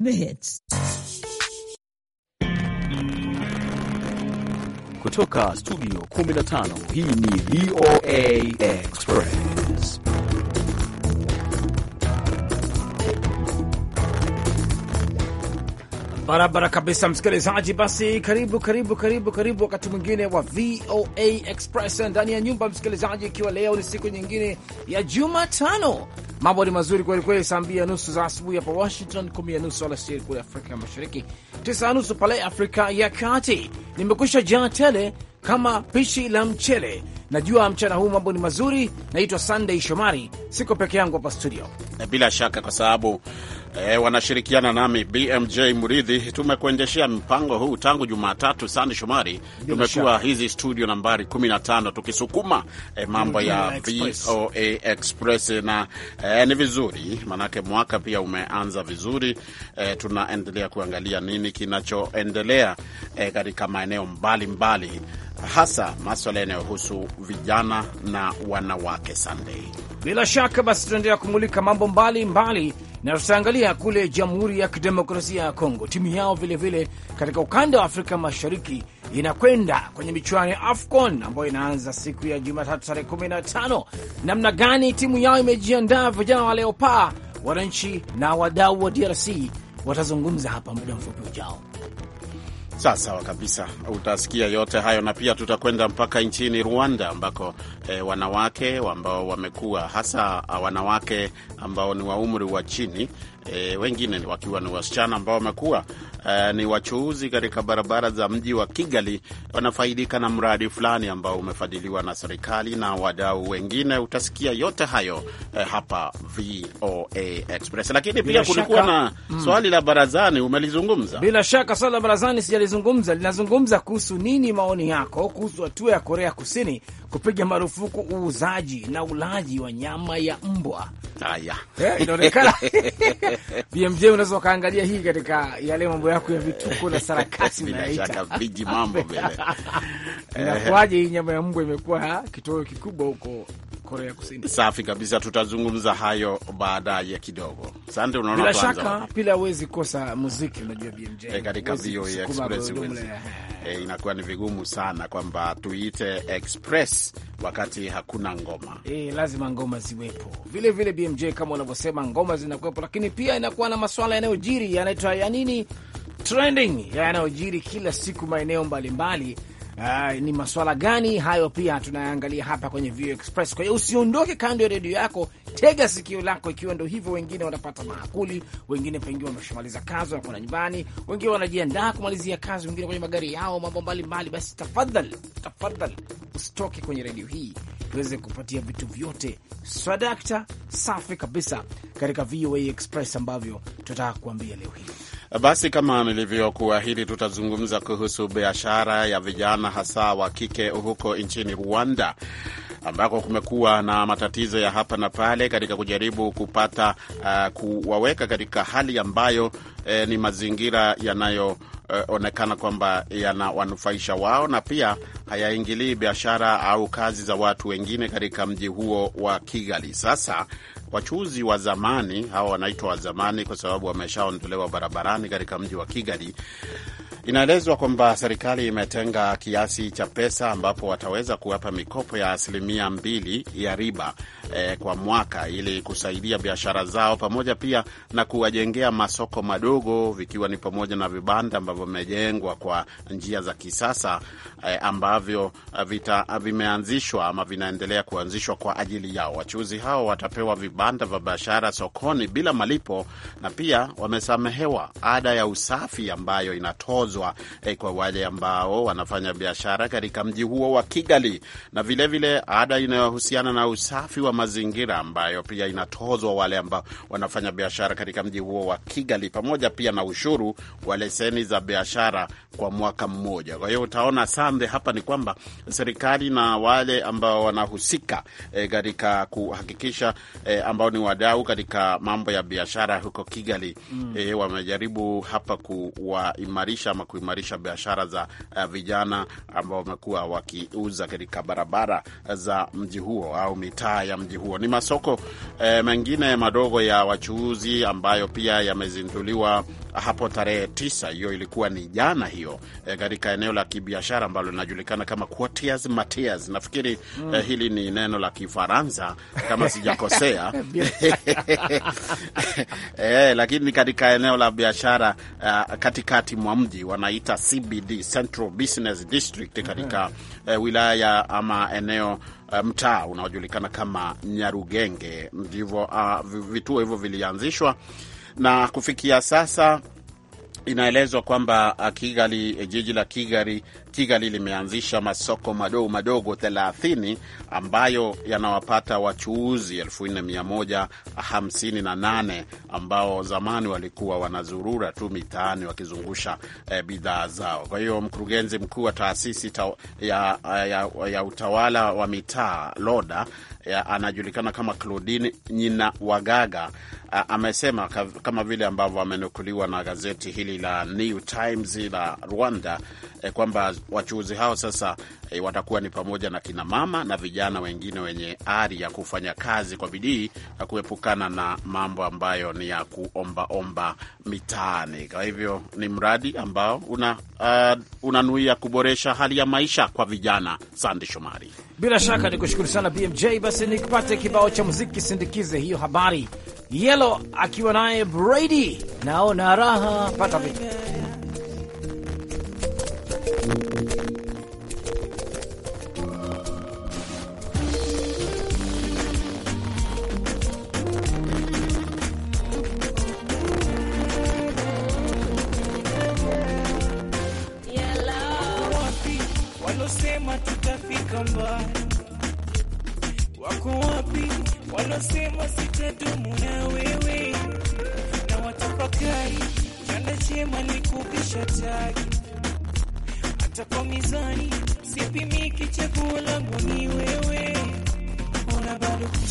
The Hits. Kutoka studio 15 hii ni VOA Express. Barabara kabisa, msikilizaji. Basi karibu karibu karibu karibu, wakati mwingine wa VOA Express ndani ya nyumba, msikilizaji, ikiwa leo ni siku nyingine ya Jumatano Mambo ni mazuri kweli kweli, saa mbili na nusu za asubuhi hapa Washington, kumi na nusu alasiri kule Afrika Mashariki, tisa na nusu pale Afrika ya Kati. Nimekwisha jaa tele kama pishi la mchele Najua mchana huu mambo ni mazuri. Naitwa Sunday Shomari, siko peke yangu hapa studio, bila shaka kwa sababu E, wanashirikiana nami BMJ Muridhi. Tumekuendeshea mpango huu tangu Jumatatu. Sande Shomari, tumekuwa hizi studio nambari 15 tukisukuma e, mambo ya VOA Express na e, ni vizuri maanake mwaka pia umeanza vizuri e, tunaendelea kuangalia nini kinachoendelea e, katika maeneo mbalimbali mbali hasa maswala yanayohusu vijana na wanawake. sandei bila shaka basi tunaendelea kumulika mambo mbalimbali na tutaangalia kule Jamhuri ya Kidemokrasia ya Kongo, timu yao vilevile vile katika ukanda wa Afrika Mashariki inakwenda kwenye michuano ya AFCON ambayo inaanza siku ya Jumatatu tarehe 15. Namna gani timu yao imejiandaa? Vijana wa Leopaa, wananchi na wadau wa DRC watazungumza hapa muda mfupi ujao sawa kabisa, utasikia yote hayo na pia tutakwenda mpaka nchini Rwanda ambako e, wanawake ambao wamekuwa hasa ah, wanawake ambao ni wa umri wa chini e, wengine wakiwa ni wasichana ambao wamekuwa eh, ni wachuuzi katika barabara za mji wa Kigali wanafaidika na mradi fulani ambao umefadhiliwa na serikali na wadau wengine. Utasikia yote hayo eh, hapa VOA Express. Lakini pia kulikuwa na mm, swali la barazani umelizungumza. Bila shaka swali la barazani sijalizungumza, linazungumza kuhusu nini, maoni yako kuhusu hatua ya Korea Kusini kupiga marufuku uuzaji na ulaji wa nyama ya mbwa. Haya, yeah, inaonekana BMJ, unaweza ukaangalia hii katika yale mambo yako ya vituko na sarakasi unaita viji mambo vile inakuwaje? Hii nyama ya mbwa imekuwa kitoweo kikubwa huko Korea Kusini. Safi kabisa, tutazungumza hayo baada ya kidogo. Sante, unaona bila shaka pila huwezi kosa muziki, unajua BMJ eh, e, katika VOA Express e, inakuwa ni vigumu sana kwamba tuite express wakati hakuna ngoma e, lazima ngoma ziwepo vile vile. BMJ kama unavyosema, ngoma zinakuwepo, lakini pia inakuwa na maswala yanayojiri yanaitwa ya nini, trending, yanayojiri kila siku maeneo mbalimbali mbali uh, ni maswala gani hayo pia tunayaangalia hapa kwenye View Express. Kwa hiyo usiondoke kando ya redio yako, tega sikio lako, ikiwa ndo hivyo. Wengine wanapata maakuli, wengine pengine wameshamaliza kazi, wanakwenda nyumbani, wengine wanajiandaa kumalizia kazi, wengine kwenye magari yao, mambo mbalimbali. Basi tafadhali, tafadhali usitoke kwenye redio hii tuweze kupatia vitu vyote swadakta safi kabisa katika VOA Express ambavyo tunataka kuambia leo hii. Basi kama nilivyokuahidi, tutazungumza kuhusu biashara ya vijana hasa wa kike huko nchini Rwanda ambako kumekuwa na matatizo ya hapa na pale katika kujaribu kupata uh, kuwaweka katika hali ambayo eh, ni mazingira yanayoonekana eh, onekana kwamba yanawanufaisha wao na pia hayaingilii biashara au kazi za watu wengine katika mji huo wa Kigali. Sasa wachuuzi wa zamani hawa wanaitwa wa zamani kwa sababu wameshaondolewa barabarani katika mji wa Kigali Inaelezwa kwamba serikali imetenga kiasi cha pesa ambapo wataweza kuwapa mikopo ya asilimia mbili ya riba eh, kwa mwaka ili kusaidia biashara zao pamoja pia na kuwajengea masoko madogo, vikiwa ni pamoja na vibanda ambavyo vimejengwa kwa njia za kisasa eh, ambavyo vita, vimeanzishwa ama vinaendelea kuanzishwa kwa ajili yao. Wachuuzi hao watapewa vibanda vya biashara sokoni bila malipo na pia wamesamehewa ada ya usafi ambayo inatozwa kuongezwa eh, kwa wale ambao wanafanya biashara katika mji huo wa Kigali, na vilevile ada inayohusiana na usafi wa mazingira ambayo pia inatozwa wale ambao wanafanya biashara katika mji huo wa Kigali, pamoja pia na ushuru wa leseni za biashara kwa mwaka mmoja. Kwa hiyo utaona sande hapa ni kwamba serikali na wale ambao wanahusika eh, katika e, kuhakikisha e, ambao ni wadau katika mambo ya biashara huko Kigali mm. E, wamejaribu hapa kuwaimarisha ama kuimarisha biashara za uh, vijana ambao wamekuwa wakiuza katika barabara za mji huo au mitaa ya mji huo. Ni masoko uh, mengine madogo ya wachuuzi ambayo pia yamezinduliwa hapo tarehe tisa. Hiyo ilikuwa ni jana hiyo, eh, katika e, eneo la kibiashara ambalo linajulikana kama Quartiers Matias. Nafikiri mm. E, hili ni neno la Kifaransa kama sijakosea e, lakini katika eneo la biashara uh, katikati mwa mji wanaita CBD, Central Business District, mm-hmm. katika e, wilaya ama eneo Uh, mtaa unaojulikana kama Nyarugenge. Ndivyo uh, vituo hivyo vilianzishwa na kufikia sasa inaelezwa kwamba uh, Kigali, eh, jiji la Kigali, Kigali limeanzisha masoko madogo madogo 30 ambayo yanawapata wachuuzi 4158 ambao zamani walikuwa wanazurura tu mitaani wakizungusha eh, bidhaa zao. Kwa hiyo mkurugenzi mkuu wa taasisi ta, ya, ya, ya utawala wa mitaa Loda ya, anajulikana kama Claudine Nyina Wagaga amesema kama vile ambavyo amenukuliwa na gazeti hili la New Times la Rwanda eh, kwamba wachuuzi hao sasa eh, watakuwa ni pamoja na kinamama na vijana wengine wenye ari ya kufanya kazi kwa bidii na kuepukana na mambo ambayo ni ya kuombaomba mitaani. Kwa hivyo ni mradi ambao una uh, unanuia kuboresha hali ya maisha kwa vijana. Sande Shomari, bila shaka ni kushukuru sana BMJ. Basi nikupate kibao cha muziki sindikize hiyo habari. Yelo akiwa naye Brady, naona raha pata vitu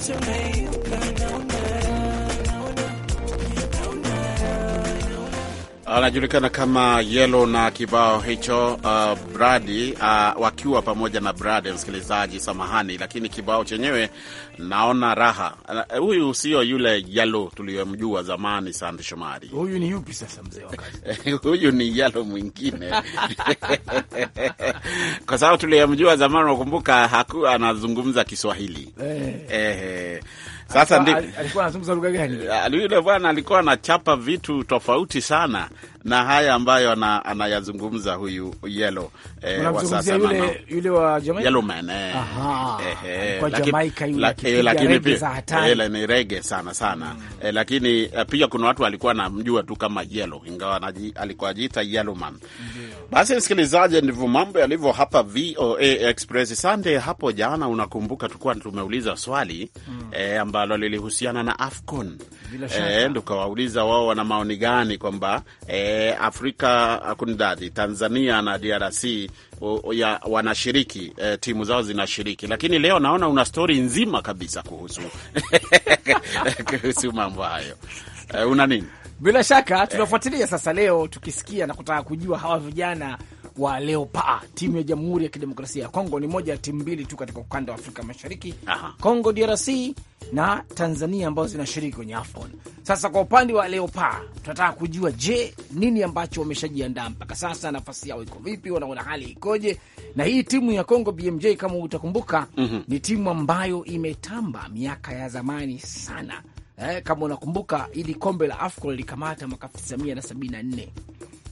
to me. anajulikana kama Yelo na kibao hicho uh, Bradi uh, wakiwa pamoja na Bradi. Msikilizaji samahani, lakini kibao chenyewe naona raha. Uh, huyu uh, sio yule Yalo tuliyomjua zamani. Sande Shomari, huyu ni yupi sasa mzee wa kazi? huyu ni Yalo mwingine kwa sababu tuliyemjua zamani, nakumbuka hakuwa anazungumza Kiswahili eh. Eh, eh. Sasa ndi alikuwa anazungumza lugha gani eh, ah, yule bwana? Alikuwa anachapa vitu tofauti sana na haya ambayo anayazungumza huyu yellow eh, wa sasa yule, yule wa Jamaica yellow man eh, eh, eh kwa Jamaica yule lakini pia eh, ni rege sana sana mm. Eh, lakini pia kuna watu walikuwa anamjua tu kama yellow, ingawa alikuwa ajiita yellow man mm -hmm. Basi msikilizaji, ndivyo mambo yalivyo hapa VOA Express Sande, Hapo jana, unakumbuka, tulikuwa tumeuliza swali mm. e, ambalo lilihusiana na AFCON e, tukawauliza wao wana maoni gani kwamba e, Afrika akundadhi Tanzania na DRC ya wanashiriki e, timu zao zinashiriki, lakini leo naona una stori nzima kabisa kuhusu kuhusu mambo hayo e, una nini? Bila shaka eh. tunafuatilia sasa leo, tukisikia na kutaka kujua hawa vijana wa leopa timu ya Jamhuri ya Kidemokrasia ya Kongo. Ni moja ya timu mbili tu katika ukanda wa Afrika Mashariki, Kongo DRC na Tanzania ambazo zinashiriki kwenye AFCON. Sasa kwa upande wa leopa tunataka kujua, je, nini ambacho wameshajiandaa mpaka sasa? Nafasi yao iko vipi? Wanaona hali ikoje? Na hii timu ya Kongo BMJ, kama utakumbuka, mm -hmm. ni timu ambayo imetamba miaka ya zamani sana eh, kama unakumbuka ili kombe la AFCON lilikamata mwaka 1974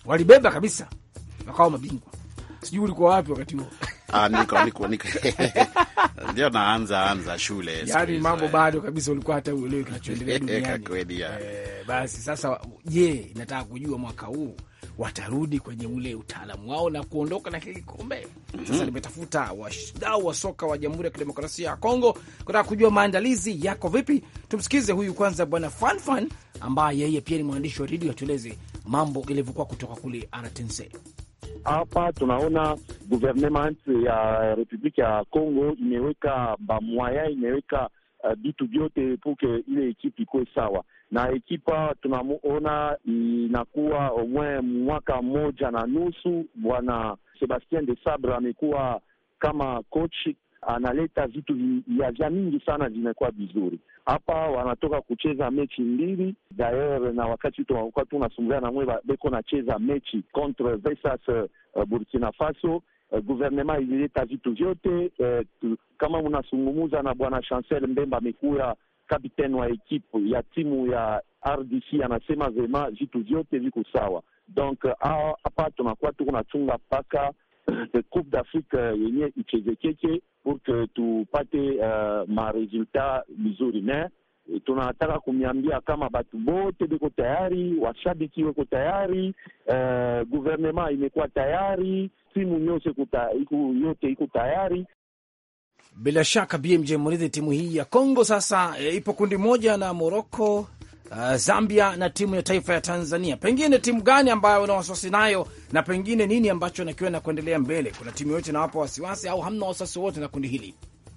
walibeba kabisa, wakawa mabingwa. Sijui ulikuwa wapi wakati huo? Ah, Ndio naanza anza shule, yaani mambo bado kabisa, ulikuwa hata uelewi kinachoendelea duniani. Eh, basi sasa, je, nataka kujua mwaka huu watarudi kwenye ule utaalamu wao na kuondoka na kile kikombe. Mm-hmm. Sasa nimetafuta wadau wa soka wa Jamhuri ya Kidemokrasia ya Kongo kutaka kujua maandalizi yako vipi. Tumsikize huyu kwanza, Bwana Fanfan ambaye yeye pia ni mwandishi wa redio, atueleze mambo ilivyokuwa kutoka kule RTNC. Hapa tunaona guvernement ya republiki ya Kongo imeweka bamwaya, imeweka vitu eh, uh, vyote puke ile ekipe ikuwe sawa, na ekipa tunamuona inakuwa omwe mwaka mmoja na nusu. Bwana Sebastien de Sabre amekuwa kama coach analeta vitu vya mingi sana vimekuwa vizuri hapa. Wanatoka kucheza mechi mbili daer, na wakati tunakuwa tunasumbulia namwe beko nacheza mechi contre Vesas, uh, eh, Burkina Faso uh, guvernema ilileta vitu vyote uh, tu, kama unasungumuza na bwana Chancel Mbemba amekuya kapteni wa ekipu ya timu ya RDC, anasema vema vitu vyote viko sawa. Donc euh, hapa tunakuwa tuko nachunga mpaka euh, Coupe d'Afrique euh, yenye ichezekeke pour que tupate uh, maresultat mizuri ne tunataka kumiambia kama batu bote biko tayari, washabiki weko tayari, uh, guvernema imekuwa tayari timu yote kuta, iku, yote iko tayari. Bila shaka BMJ Murithi, timu hii ya congo sasa e, ipo kundi moja na Moroko, uh, eh, Zambia na timu ya taifa ya Tanzania. Pengine timu gani ambayo una wasiwasi nayo, na pengine nini ambacho nakiwa na kuendelea mbele? Kuna timu yote nawapa wasiwasi au hamna wasiwasi wote na kundi hili?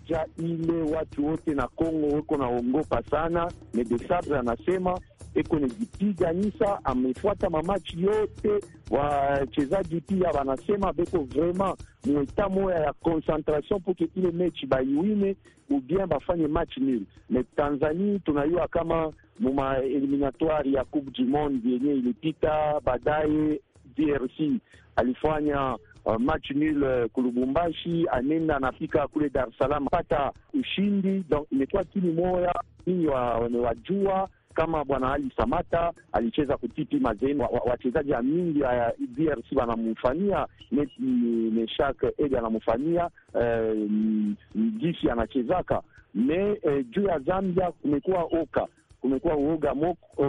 ja ile watu wote na congo weko naongopa sana, Medesabre anasema eko nijipiganisha, amefuata mamachi yote. Wachezaji pia wanasema beko vraiment mweta moya ya concentration poke ile mechi baiwine ubien bafanye match nil. Me tanzanie tunayua kama muma eliminatoire ya Coupe du Monde yenye ilipita baadaye DRC alifanya uh, match nul uh, kulubumbashi, anenda anafika kule Dar es Salaam pata ushindi, donc imekuwa timu moya hii wajua kama bwana Ali Samata alicheza kutipi Mazembe, wachezaji wa, wa mingi wa DRC wanamfanyia Meshak Edi anamfanyia uh, anachezaka me eh, juu ya Zambia kumekuwa oka kumekuwa uoga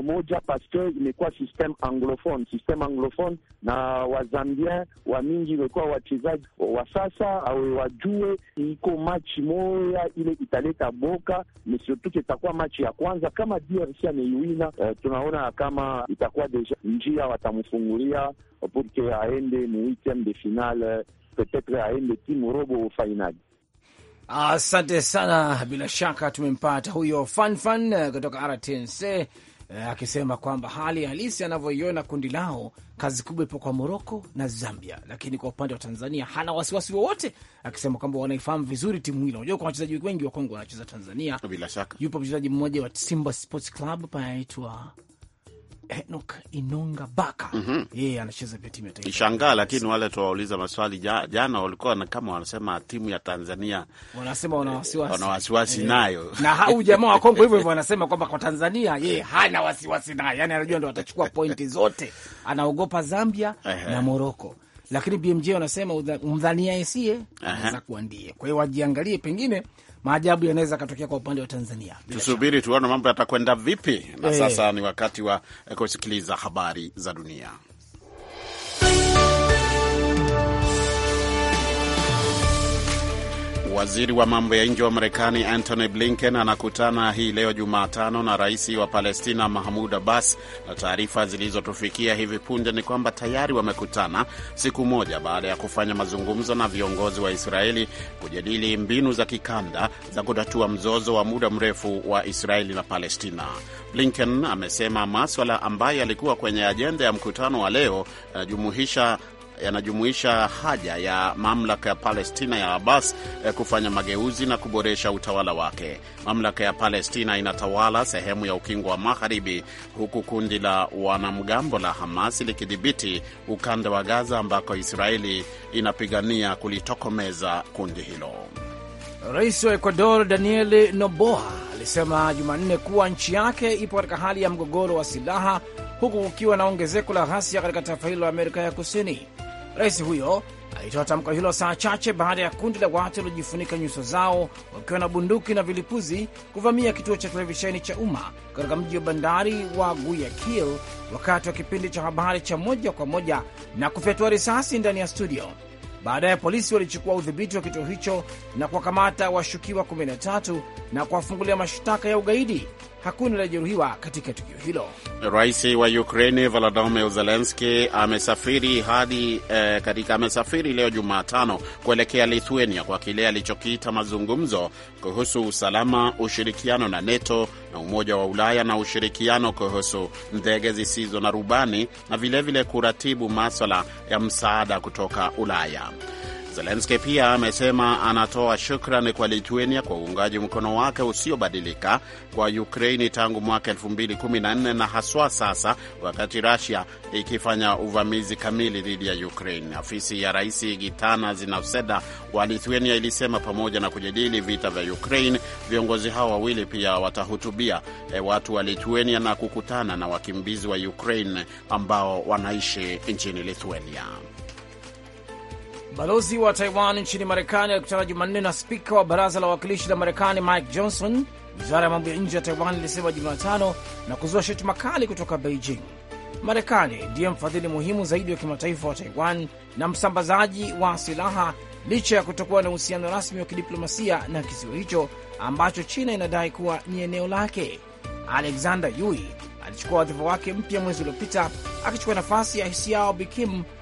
moja paske imekuwa system anglophone, system anglophone, na wazambia wa mingi imekuwa wachezaji wa sasa awe wajue iko machi moya ile italeta boka mesiotuke, itakuwa machi ya kwanza kama DRC ameiwina, Uh, tunaona kama itakuwa deja njia watamfungulia purke aende mu de finale, petetre aende timu robo finali. Asante sana, bila shaka tumempata huyo Fanfan eh, kutoka RTNC eh, akisema kwamba hali halisi anavyoiona kundi lao, kazi kubwa ipo kwa Moroko na Zambia, lakini kwa upande wa Tanzania hana wasiwasi wowote, akisema kwamba wanaifahamu vizuri timu hilo. Unajua, kwa wachezaji wengi wa Kongo wanacheza Tanzania. Bila shaka yupo mchezaji mmoja wa Simba Sports Club panaitwa Enoch Inonga Baka mm -hmm. anacheza pia timu ya taifa. Ishangaa, lakini wale tuwauliza maswali jana walikuwa na kama wanasema timu ya Tanzania wanasema wana wasiwasi, wana wasiwasi eh. nayo na jamaa wa Kongo hivyo hivyo wanasema kwamba kwa Tanzania yeye hana wasiwasi nayo, yani anajua ndo watachukua pointi zote, anaogopa Zambia na Moroko lakini BMJ wanasema mdhania esie anaweza Kwa hiyo wajiangalie, pengine maajabu yanaweza akatokea kwa upande wa Tanzania. Tusubiri tuone mambo yatakwenda vipi. Na eh. sasa ni wakati wa kusikiliza habari za dunia. Waziri wa mambo ya nje wa Marekani Antony Blinken anakutana hii leo Jumatano na rais wa Palestina Mahmud Abbas, na taarifa zilizotufikia hivi punde ni kwamba tayari wamekutana siku moja baada ya kufanya mazungumzo na viongozi wa Israeli kujadili mbinu za kikanda za kutatua mzozo wa muda mrefu wa Israeli na Palestina. Blinken amesema maswala ambayo yalikuwa kwenye ajenda ya mkutano wa leo yanajumuisha eh, yanajumuisha haja ya mamlaka ya Palestina ya Abbas eh, kufanya mageuzi na kuboresha utawala wake. Mamlaka ya Palestina inatawala sehemu ya ukingo wa Magharibi, huku kundi la wanamgambo la Hamas likidhibiti ukanda wa Gaza, ambako Israeli inapigania kulitokomeza kundi hilo. Rais wa Ecuador Daniel Noboa alisema Jumanne kuwa nchi yake ipo katika hali ya mgogoro wa silaha huku kukiwa na ongezeko la ghasia katika taifa hilo la Amerika ya Kusini. Rais huyo alitoa tamko hilo saa chache baada ya kundi la watu waliojifunika nyuso zao wakiwa na bunduki na vilipuzi kuvamia kituo cha televisheni cha umma katika mji wa bandari wa Guayaquil wakati wa kipindi cha habari cha moja kwa moja na kufyatua risasi ndani ya studio. Baadaye polisi walichukua udhibiti wa kituo hicho na kuwakamata washukiwa 13 na kuwafungulia mashtaka ya ugaidi hakuna aliyejeruhiwa katika tukio hilo. Rais wa Ukraini Volodymyr Zelenski amesafiri hadi eh, katika amesafiri leo Jumatano kuelekea Lithuania kwa kile alichokiita mazungumzo kuhusu usalama, ushirikiano na NATO na Umoja wa Ulaya na ushirikiano kuhusu ndege zisizo na rubani na vilevile vile kuratibu maswala ya msaada kutoka Ulaya. Zelenski pia amesema anatoa shukrani kwa Lithuania kwa uungaji mkono wake usiobadilika kwa Ukraini tangu mwaka 2014 na haswa sasa wakati Rusia ikifanya uvamizi kamili dhidi ya Ukraini. Afisi ya Rais Gitanas Nauseda wa Lithuania ilisema pamoja na kujadili vita vya Ukraini, viongozi hao wawili pia watahutubia e, watu wa Lithuania na kukutana na wakimbizi wa Ukraini ambao wanaishi nchini Lithuania. Balozi wa Taiwan nchini Marekani alikutana Jumanne na spika wa baraza la wawakilishi la Marekani Mike Johnson. Wizara ya mambo ya nje ya Taiwan ilisema Jumatano na kuzua shutuma kali kutoka Beijing. Marekani ndiye mfadhili muhimu zaidi wa kimataifa wa Taiwan na msambazaji wa silaha, licha ya kutokuwa na uhusiano rasmi wa kidiplomasia na kisiwa hicho ambacho China inadai kuwa ni eneo lake. Alexander Yui alichukua wadhifa wake mpya mwezi uliopita, akichukua nafasi ya Hsiao Bikim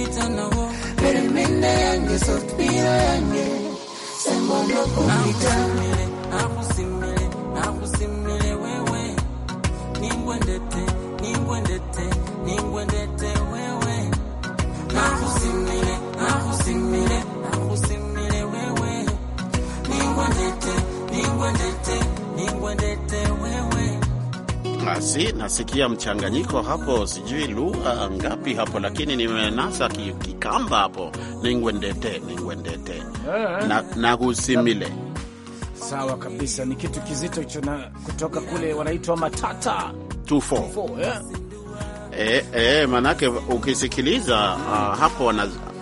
kupita nawo peremende yange sopira yange sembono kupita nakusimile nakusimile wewe ningwendete ningwendete ningwendete wewe nakusimile nakusimile nakusimile wewe ningwendete ningwendete ningwendete basi nasikia mchanganyiko hapo, sijui lugha ngapi hapo, lakini nimenasa kikamba hapo, ningwendete ningwendete eh. na, na kusimile Sawa kabisa, ni kitu kizito hicho, na kutoka kule wanaitwa matata tufo yeah. E, e, manake ukisikiliza uh, hapo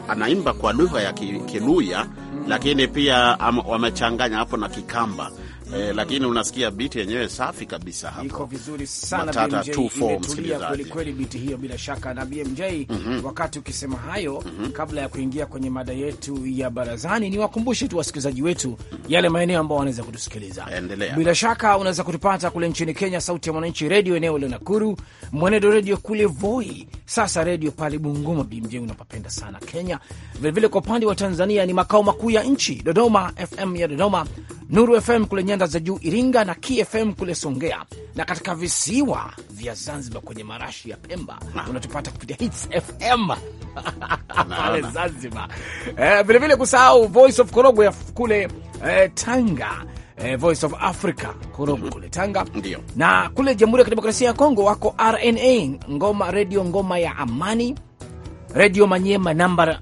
anaimba kwa lugha ya Kiluya mm, lakini pia am, wamechanganya hapo na Kikamba eh, lakini unasikia biti yenyewe safi kabisa hapo, iko vizuri sana BMJ, imetulia kweli kweli biti hiyo, bila shaka na BMJ. mm -hmm. Wakati ukisema hayo, mm -hmm. kabla ya kuingia kwenye mada yetu ya barazani, niwakumbushe tu wasikilizaji wetu mm -hmm. yale maeneo ambao wanaweza kutusikiliza. Endelea. Bila shaka unaweza kutupata kule nchini Kenya, Sauti ya Mwananchi redio eneo la Nakuru, Mwenedo redio kule Voi, sasa redio pale Bungoma, BMJ unapapenda sana Kenya. Vilevile kwa upande wa Tanzania ni makao makuu ya nchi, Dodoma FM ya Dodoma, Nuru FM kule nyanda za juu Iringa na KFM kule Songea, na katika visiwa vya Zanzibar kwenye marashi ya Pemba unatupata kupitia Hits FM pale Zanzibar. Vilevile Eh, kusahau Voice of Korogwe kule eh, Tanga. Eh, Voice of Africa Korogwe mm -hmm. kule Tanga Ndiyo. na kule Jamhuri ya Kidemokrasia ya Kongo wako RNA Ngoma, Redio Ngoma ya Amani, Redio Manyema nambari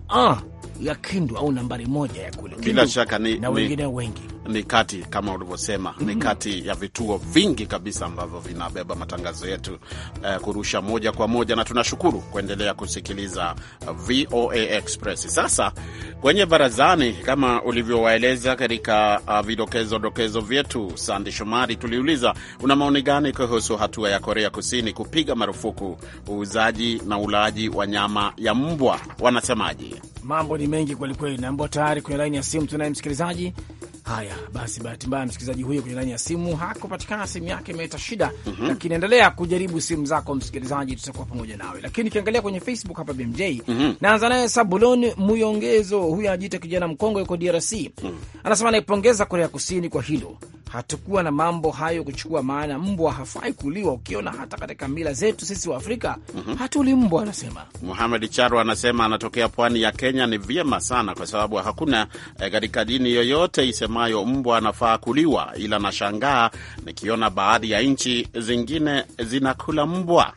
ya Kindu au nambari moja ya kule Kindu, bila shaka ni, na wengine ni... wengi ni kati kama ulivyosema, mhm. ni kati ya vituo vingi kabisa ambavyo vinabeba matangazo yetu uh, kurusha moja kwa moja, na tunashukuru kuendelea kusikiliza eh, VOA Express. Sasa kwenye barazani, kama ulivyowaeleza katika uh, vidokezo dokezo vyetu, sandi Shomari, tuliuliza una maoni gani kuhusu hatua ya Korea Kusini kupiga marufuku uuzaji na ulaji wa nyama ya mbwa, wanasemaje? Mambo ni mengi kwelikweli, Naambo tayari kwenye laini ya simu tunaye msikilizaji. Haya basi, bahati mbaya msikilizaji huyo kwenye laini ya simu hakupatikana, simu yake imeleta shida mm -hmm. Lakini endelea kujaribu simu zako msikilizaji, tutakuwa pamoja nawe. Lakini ukiangalia kwenye Facebook hapa BMJ mm -hmm. naanza naye Sabulon Muyongezo, huyo anajiita kijana mkongwe, yuko DRC mm -hmm. anasema naipongeza Korea Kusini kwa hilo hatukuwa na mambo hayo kuchukua, maana mbwa hafai kuliwa. Ukiona hata katika mila zetu sisi wa Afrika mm -hmm. hatuli mbwa, anasema Muhamed Charo. Anasema anatokea pwani ya Kenya. Ni vyema sana kwa sababu hakuna eh, katika e, dini yoyote isemayo mbwa anafaa kuliwa, ila nashangaa nikiona baadhi ya nchi zingine zinakula mbwa.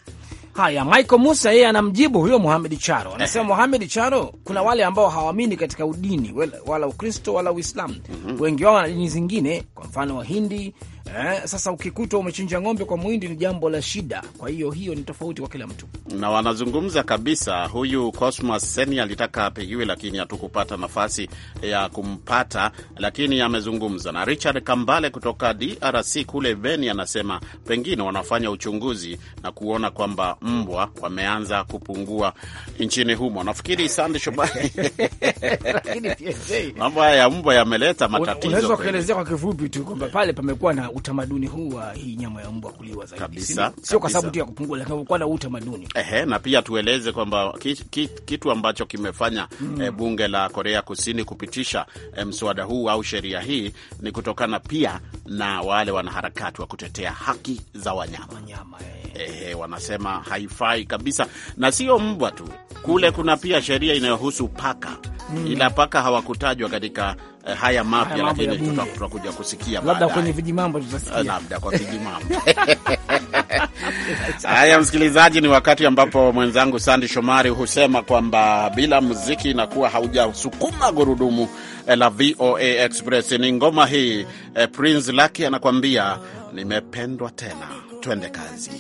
Haya, Michael Musa yeye anamjibu huyo Muhamed Charo, anasema Muhamed Charo, kuna wale ambao hawaamini katika udini wala Ukristo wala Uislamu. mm -hmm. Wengi wao wana dini zingine, kwa mfano Wahindi Eh, sasa ukikutwa umechinja ng'ombe kwa mwindi ni jambo la shida. Kwa hiyo hiyo ni tofauti kwa kila mtu, na wanazungumza kabisa. Huyu Cosmas Seni alitaka apigiwe, lakini hatukupata nafasi ya kumpata, lakini amezungumza na Richard Kambale kutoka DRC kule Beni. Anasema pengine wanafanya uchunguzi na kuona kwamba mbwa wameanza kupungua nchini humo. Nafikiri Sande Shomari, mambo haya ya mbwa yameleta matatizo. Unaweza kuelezea kwa kifupi tu kwamba pale pamekuwa na utamaduni huu wa hii nyama ya mbwa kuliwa zaidi kabisa, sio kwa sababu tu ya kupungua, lakini kwa na utamaduni ehe. Na pia tueleze kwamba ki, ki, kitu ambacho kimefanya mm. e, bunge la Korea Kusini kupitisha e, mswada huu au sheria hii ni kutokana pia na wale wanaharakati wa kutetea haki za wanyama, wanyama eh. ehe, wanasema haifai kabisa, na sio mbwa tu kule, kuna pia sheria inayohusu paka mm. ila paka hawakutajwa katika Eh, haya mapya, lakini tutakuja kusikia labda kwenye vijimambo, tutasikia eh, labda kwa vijimambo. Haya, msikilizaji, ni wakati ambapo mwenzangu Sandi Shomari husema kwamba bila muziki inakuwa haujasukuma gurudumu eh, la VOA Express. Ni ngoma hii eh, Prince Lucky anakuambia nimependwa tena. Twende kazi.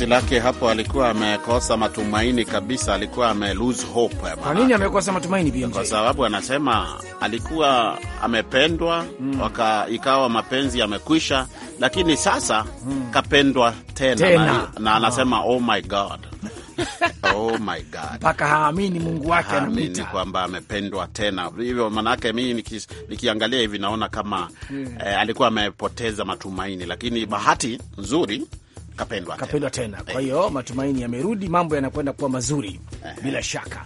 penzi lake hapo alikuwa amekosa matumaini kabisa, alikuwa ame lose hope. Eh, Kwa nini amekosa matumaini pia? Kwa sababu anasema alikuwa amependwa hmm, waka ikawa mapenzi yamekwisha, lakini sasa hmm, kapendwa tena, tena. Na anasema ah. oh my god Oh my God, mpaka haamini Mungu wake anamwita kwamba amependwa tena hivyo. Manake mimi niki, nikiangalia hivi naona kama yeah. Hmm. eh, alikuwa amepoteza matumaini, lakini bahati nzuri kapendwa, kapendwa tena, tena. Kwa eh. hiyo matumaini yamerudi, mambo yanakwenda kuwa mazuri Aha. Eh. bila shaka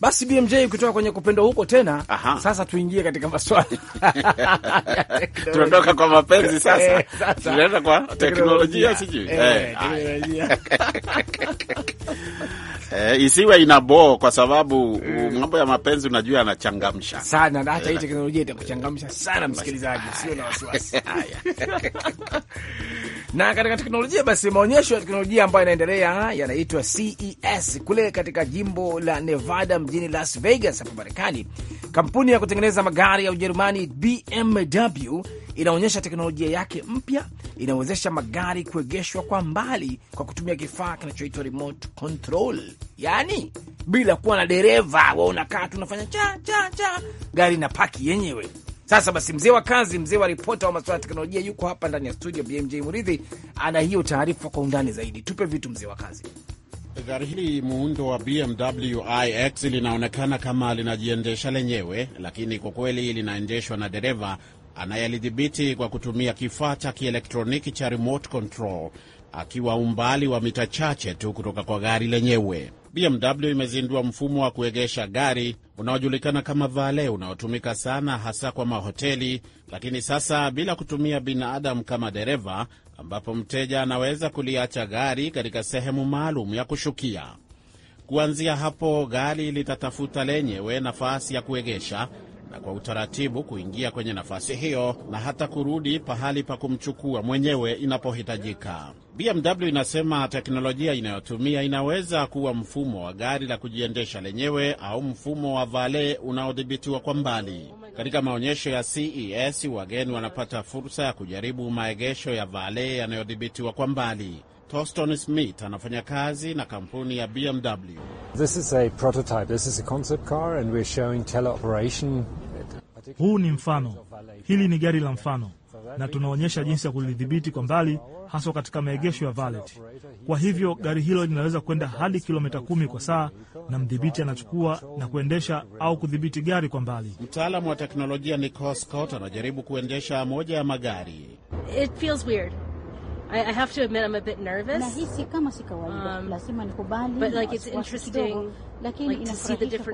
basi BMJ, ukitoka kwenye kupendwa huko tena. Aha. Sasa tuingie katika maswali tunatoka kwa mapenzi eh, sasa, tunaenda kwa teknolojia, sijui teknolojia eh, isiwe inaboo kwa sababu mm, mambo ya mapenzi unajua yanachangamsha sana, na hata hii eh. teknolojia itakuchangamsha sana msikilizaji, sio na wasiwasi na katika teknolojia basi, maonyesho ya teknolojia ambayo yanaendelea yanaitwa CES kule katika jimbo la Nevada mjini Las Vegas hapa Marekani. Kampuni ya kutengeneza magari ya Ujerumani BMW inaonyesha teknolojia yake mpya inawezesha magari kuegeshwa kwa mbali kwa kutumia kifaa kinachoitwa remote control, yaani, bila kuwa na dereva. We unakaa tu unafanya cha cha cha, gari na paki yenyewe. Sasa basi, mzee wa kazi, mzee wa ripota wa masuala ya teknolojia yuko hapa ndani ya studio, BMJ Muridhi ana hiyo taarifa kwa undani zaidi. Tupe vitu, mzee wa kazi. Gari hili muundo wa BMW iX linaonekana kama linajiendesha lenyewe, lakini kwa kweli linaendeshwa na dereva anayelidhibiti kwa kutumia kifaa cha kielektroniki cha remote control akiwa umbali wa mita chache tu kutoka kwa gari lenyewe. BMW imezindua mfumo wa kuegesha gari unaojulikana kama vale unaotumika sana hasa kwa mahoteli, lakini sasa bila kutumia binadamu kama dereva, ambapo mteja anaweza kuliacha gari katika sehemu maalum ya kushukia. Kuanzia hapo, gari litatafuta lenyewe nafasi ya kuegesha na kwa utaratibu kuingia kwenye nafasi hiyo na hata kurudi pahali pa kumchukua mwenyewe inapohitajika. BMW inasema teknolojia inayotumia inaweza kuwa mfumo wa gari la kujiendesha lenyewe au mfumo wa vale unaodhibitiwa kwa mbali. Katika maonyesho ya CES, wageni wanapata fursa ya kujaribu maegesho ya vale yanayodhibitiwa kwa mbali. Toston Smith anafanya kazi na kampuni ya BMW. This is a prototype. This is a concept car and we're showing teleoperation huu ni mfano, hili ni gari la mfano, na tunaonyesha jinsi ya kulidhibiti kwa mbali, haswa katika maegesho ya valet. Kwa hivyo gari hilo linaweza kwenda hadi kilomita kumi kwa saa, na mdhibiti anachukua na kuendesha au kudhibiti gari kwa mbali. Mtaalamu wa teknolojia Nicole Scott anajaribu kuendesha moja ya magari. It feels weird. Nahisi kama si kawaida, um, lazima nikubali, but like it's interesting lakini inafurahisha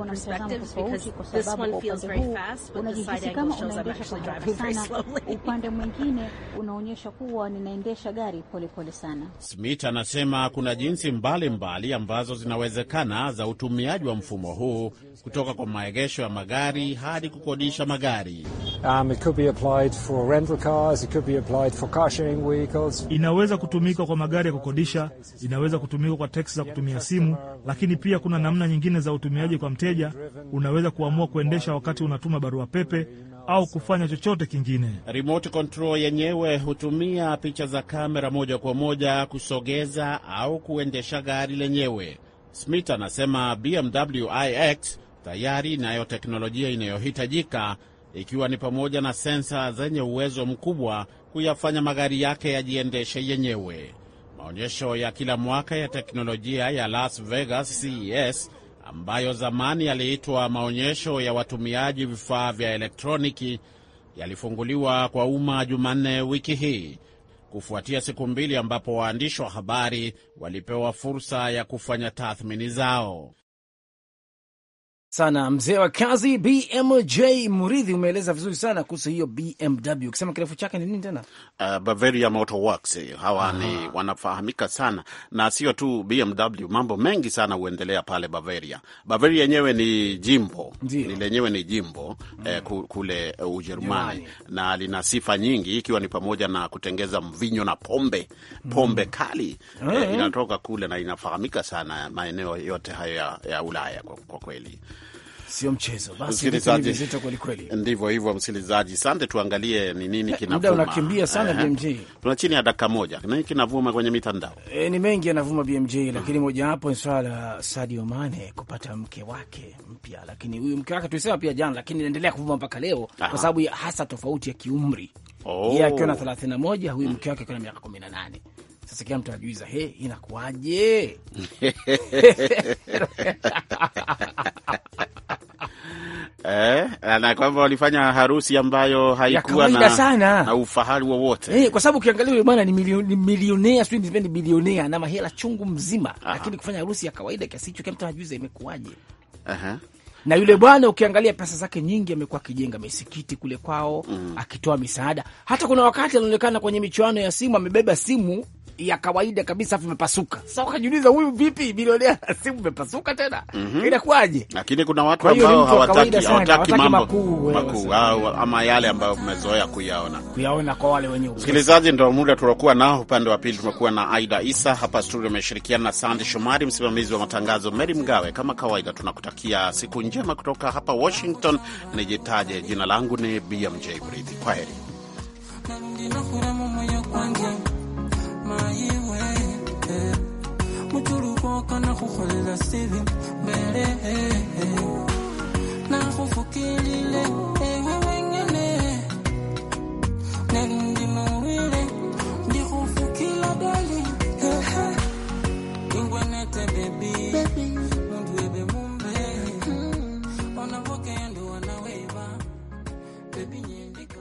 upande mwingine unaonyesha kuwa ninaendesha gari polepole pole sana. Smith anasema kuna jinsi mbalimbali mbali ambazo zinawezekana za utumiaji wa mfumo huu kutoka kwa maegesho ya magari hadi kukodisha magari. Um, cars, inaweza kutumika kwa magari ya kukodisha, inaweza kutumika kwa teksi za kutumia simu, lakini pia kuna namna nyingine za utumiaji kwa mteja, unaweza kuamua kuendesha wakati unatuma barua pepe au kufanya chochote kingine. Remote control yenyewe hutumia picha za kamera moja kwa moja kusogeza au kuendesha gari lenyewe. Smith anasema BMW iX tayari inayo teknolojia inayohitajika ikiwa ni pamoja na sensa zenye uwezo mkubwa kuyafanya magari yake yajiendeshe yenyewe. Maonyesho ya kila mwaka ya teknolojia ya Las Vegas CES ambayo zamani yaliitwa maonyesho ya watumiaji vifaa vya elektroniki yalifunguliwa kwa umma Jumanne wiki hii kufuatia siku mbili ambapo waandishi wa habari walipewa fursa ya kufanya tathmini zao sana mzee wa kazi BMJ Muridhi, umeeleza vizuri sana kuhusu hiyo BMW ukisema kirefu chake ni nini tena? Uh, Bavaria Motor Works. Eh, hawa ni ah. wanafahamika sana na sio tu BMW, mambo mengi sana huendelea pale Bavaria. Bavaria yenyewe ni jimbo, lenyewe ni jimbo eh, mm, eh, kule Ujerumani na lina sifa nyingi, ikiwa ni pamoja na kutengeza mvinyo na pombe pombe mm, kali mm, eh, inatoka kule na inafahamika sana maeneo yote hayo ya, ya Ulaya kwa, kwa kweli Sio mchezo. Basi msikilizaji, vizito kweli kweli. Ndivyo hivyo, msikilizaji. Sante, tuangalie ni nini eh, kinavuma. Muda unakimbia sana BMJ. Tuna chini ya dakika moja. Nini kinavuma kwenye mitandao? E, ni mengi yanavuma BMJ, lakini moja wapo ni swala la Sadio Mane kupata mke wake mpya, lakini huyu mke wake tulisema pia jana, lakini inaendelea kuvuma mpaka leo kwa sababu hasa tofauti ya kiumri. Oh. Yeye akiwa na 31, huyu mke wake akiwa na miaka 18. Sasa kila mtu anajiuliza, he, inakuwaje? Eh, na kwamba walifanya harusi ambayo haikuwa na, sana. na ufahari wowote eh, kwa sababu ukiangalia huyo bwana ni milionea sio ni bilionea na mahela chungu mzima Aha. lakini kufanya harusi ya kawaida kiasi hicho kama mtu anajuza imekuwaje. Aha na yule bwana ukiangalia pesa zake nyingi, amekuwa akijenga misikiti kule kwao mm. akitoa misaada. Hata kuna wakati anaonekana kwenye michuano ya simu, amebeba simu ya kawaida kabisa, vimepasuka. Sasa ukajiuliza huyu vipi, bilionea na simu vimepasuka tena, mhm. inakuwaje? Lakini kuna watu ambao hawataki hawataki mambo makuu ama yale ambayo mmezoea kuyaona kuyaona kwa wale wenye Msikilizaji, ndio muda tulokuwa nao. Upande wa pili tumekuwa na Aida Isa hapa studio, ameshirikiana na Sandy Shomari, msimamizi wa matangazo Meri Mgawe. Kama kawaida, tunakutakia siku njema kutoka hapa Washington. Nijitaje, jina langu ni BMJ Mridhi. Kwa heri. Baby.